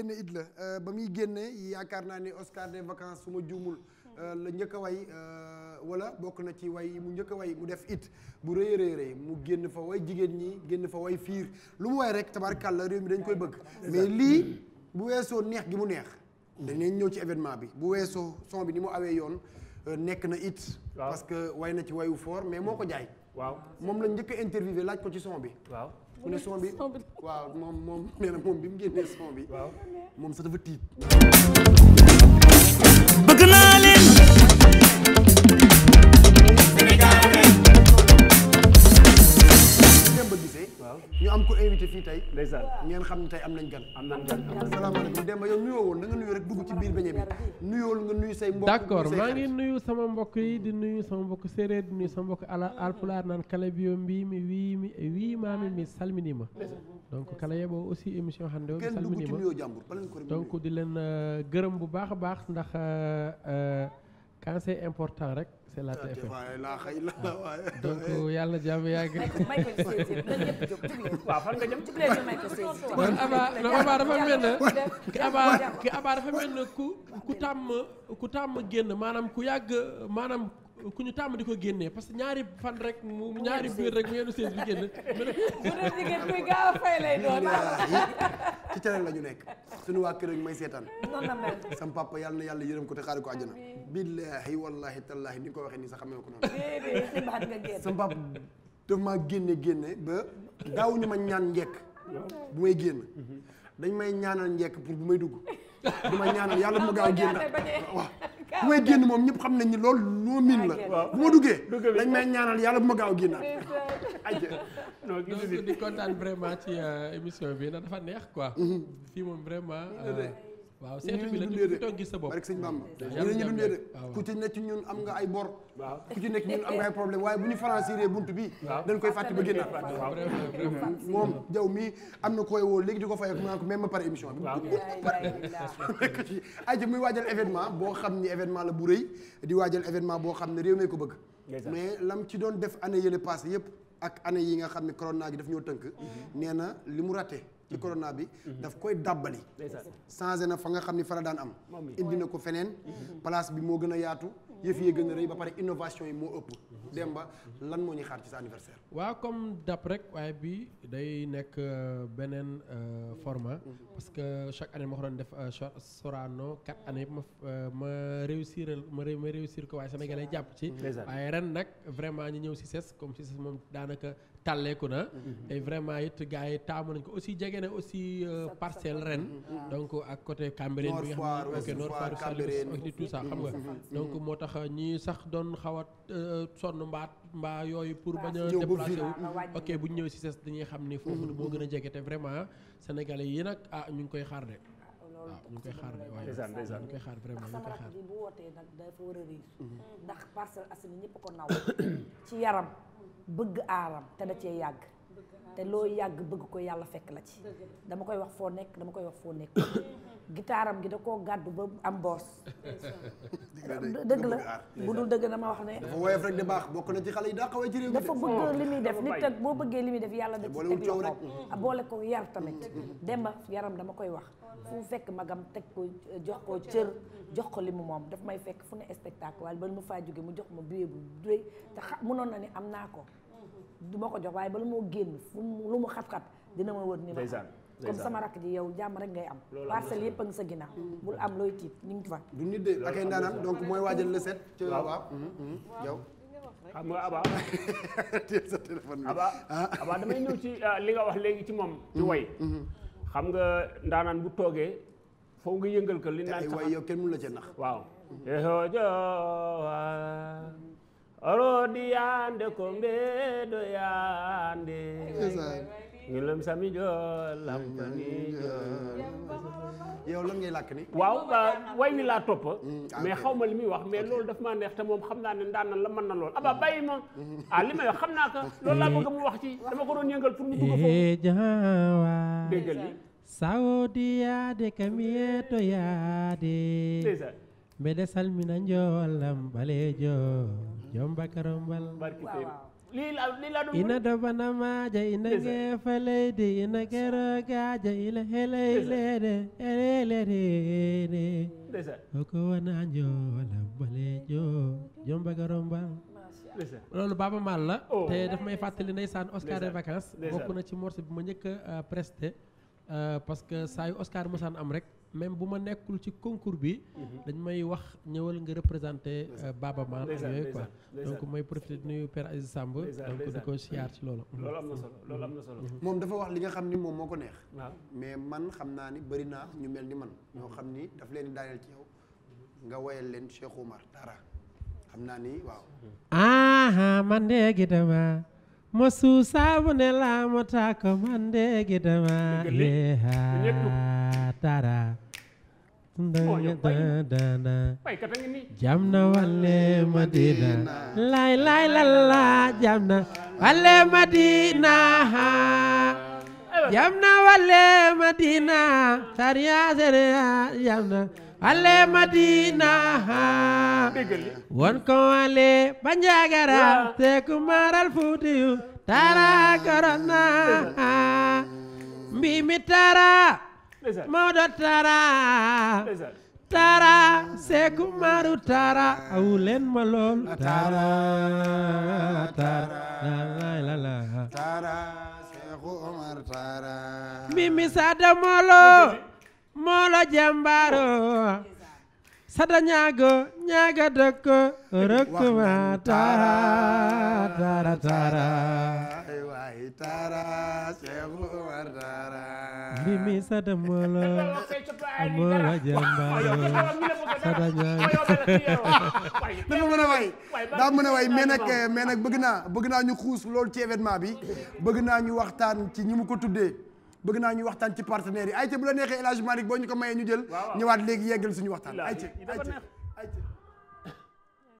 it la euh, ba muy génne yaakaar naa ne Oscar des vacances su euh, la njëkk a way euh, wala bokk na ci way mu njëkk way mu def it bu rëy mu génn fa jigéen ñi génn fa way lu mu way rek tabarkàlla réew mi dañ koy bëgg mais lii bu weesoo neex gi mu neex danañ ñëw ci événement bi bu weesoo son bi ni mu awee yoon nekk na it parce que way na ci wayu fort mais moo ko jaay waaw moom lañ njëkk a interviewé laaj ko ci son bi mu ne son bi waaw moom moom nee na moom bi mu génnee son bi. waaw moom sax dafa tiit. bëgg naa leen ñu am ko invité fii tey ndeysaan ngeen xam ne tey bi nuyool nga nuyu say mbokk d'accord maa ngi nuyu sama mbokk yi di nuyu sama mbokk séeréer di nuyu sama mbokk ala alpulaar naan kala biyo mbii mi wii mi mi salmini ma donc kala yeboo aussi émission xam ne salmini ma donc di leen euh, gërëm bu baax a baax ndax euh, euh, quand c' important rek c' est la ah, TFM ah. donc yàlla jàmm yàgg. may ko waaw fan nga jëm ci may ko kon dafa mel ku ku tàmm ku tàmm génn maanaam ku yàgg maanaam. ku ñu tàmm di ko génnee parce que ñaari fan rek mu ñaari biir rek mu yenu sées bi génn. bu dee jigéen kuy gaaw a fay lay doon. ci calen la ñu nekk suñu waa kër may seetaan. noonu la sam papa yàlla yàlla yërëm ko te xaari ko àjjana. ko waxee nii sax xamee ko noonu. déedéet si baat génn. sam papa génne génne ba daawuñu ma ñaan njekk bu may génn. Mhm. dañ may ñaanal njekk pour bu may dugg. du ma ñaanal yàlla mu gaaw génn waaw. bu may génn moom ñëpp xam nañ ni loolu loo miin la bu ma duggee dañ may ñaanal yàlla bu ma gaaw génnaat aj non gis di vraiment ci euh, émission bi na dafa neex quoi mm-hmm. fii moom vraiment waaw seetu bi la ñu toog gis sa bopp barke sëñ Bamba ñu ñu dundee de ku ci nekk ñun am nga ay bor ku ci nekk ñun am nga ay problème waaye bu ñu franchiré bunt bi dañ koy fàtte ba génnaat moom jaw mii am na koy woo léegi di ko fay ak ko même ba pare émission bi nekk ci aja muy waajal événement boo xam ni événement la bu rëy di waajal événement boo xam ne réew mee ko bëgg mais lam ci doon def année yële passé yëpp ak année yi nga xam ne corona bi daf ñoo tënk nee na li mu raté ci corona bi daf koy dàbbali changé na fa nga xam ni fa la daan am indi na ko feneen place bi moo gën a yaatu yëf yee gën yi moo ëpp. Demba lan moo ñuy xaar ci sa anniversaire. waaw comme dap rek waaye bii day nekk euh, beneen euh, forma mhm. parce que chaque année ma ko doon def euh, Sorano quatre ah. années ma ma réussir ma ma réussir ko waaye Sénégalais jàpp ci. waaye ren nag vraiment ñu ñëw si ses comme si ses moom daanaka tàlleeku na. Mhm, mhm. et vraiment it gars yi taamu nañ ko aussi jege na aussi parcel ren. donc ak côté Cambérène bi nga xam nga donc moo tax. tax ñii sax doon xaw a euh, sonn mbaat mbaa yooyu pour bañ a ok bu ñu ñëwee si ses dañuy xam ni foofu mm-hmm. moo gën a jege te vraiment sénégalais yi nag ah ñu ngi koy xaar de ah, ah, waaw ñu ngi koy xaar de waaye ñu koy xaar koy xaar bi a réussir mm-hmm. ndax Parcelles Assainies ñëpp ko naw ci yaram bëgg aaram te da cee yàgg te loo yàgg bëgg ko yàlla fekk la ci dama koy wax foo nekk dama koy wax foo nekk gitaaram gi da koo gàddu ba am boos dëgg la bu dul dëgg dama wax ne dafa woyof rek bokk na ci xale yi daa xawee ci li muy def nit ak boo bëggee li muy def yàlla da ci teg loxo ah, boole ko yar tamit demba yaram dama koy wax fu fekk magam teg ko jox ko cër jox ko li mu moom daf may fekk fu ne spectacle waaye ba mu faa jóge mu jox ma billet bu doy te xa munoon na ni am naa ko du ma ko jox waaye ba lu moo génn fu lu mu xat-xat dina ma wër ni ma comme sama rakk ji yow jàmm a ngi sa ginnaaw bul am looy tiit ñu ngi fa du nit de ak ay ndaanaan donc mooy waajal le set ci mm-hmm, mm-hmm. waaw yow xam nga Aba sa téléphone Aba ah. Aba damay ñëw ci ah, li nga wax léegi ci moom ci mm-hmm, way xam nga ndaanaan bu toogee foo nga yëngal ko li naan way yow kenn la ci nax orodi yande ko mbeɗo yande ñulam sami jolam mani jol waaw way laa topp mm, ah, mais xaw ma li muy wax mais loolu daf maa neex te xam naa ne ndaanan la mën na lool aba mm. bàyyi ma mm-hmm. ah li may wax xam naa ko loolu laa bëgg mu wax ci dama ko doon yëngal pour mu dugg foofu eh, jawa déggal li sawdi yaade kamiyeto yaade mbeɗe salmina jolam balejo yomba karombal lii la lii la du ina dobana maaja ina geefa leydi ina ila heley leede ele leedeene oko wana njoola bale joo yomba karombal loolu Baaba Maal la oh. te daf may fàttali ndeysaan Oscar de vacances bokk na ci morceau bi ma njëkk a euh, presté euh, parce que saa mosaan am rek même bu ma nekkul ci concours bi. Mhm. dañ may wax ñëwal nga représenté. Euh, Baba Man yooyu quoi donc mooy profité di nuyu Père Aziz Samb. donc di ko siyaar ci na solo mhm. moom dafa wax li nga xam ni moom moo ko neex. mais man xam naa ni bëri naa ñu mel ni man. ñoo xam ni daf leen di daaneel ci yow nga woyal leen Cheikh Oumar Dara xam naa ni waaw. man de gi dama ma suusaama ne laa ma tàkk man de gi dama yeexa tara oh, jam na wale madina lay lay la la jam na wale madina jam na wale madina sariya sariya jam na ale madina won ko ale banjagara te kumaral futiyu tara korona mbimi tara mawdo tara tara sekumaru tara awulen ma lool tara tara tara seku umar tara mbimi sada molo moola jambaaro sada ñaago ñaaga dëkk rëkk ma taara taara taara ay waay taara Seexu Umar taara mimi sada mën a way daa mën bëgg naa bëgg naa ñu xuus loolu ci événement bi bëgg naa ñu waxtaan ci ñi mu ko tuddee bëgg naa ñu waxtaan ci partenaires yi ayca bu la neexee El Hadj Malick boo ñu ko mayee ñu jël ñëwaat léegi yeggal suñu waxtaan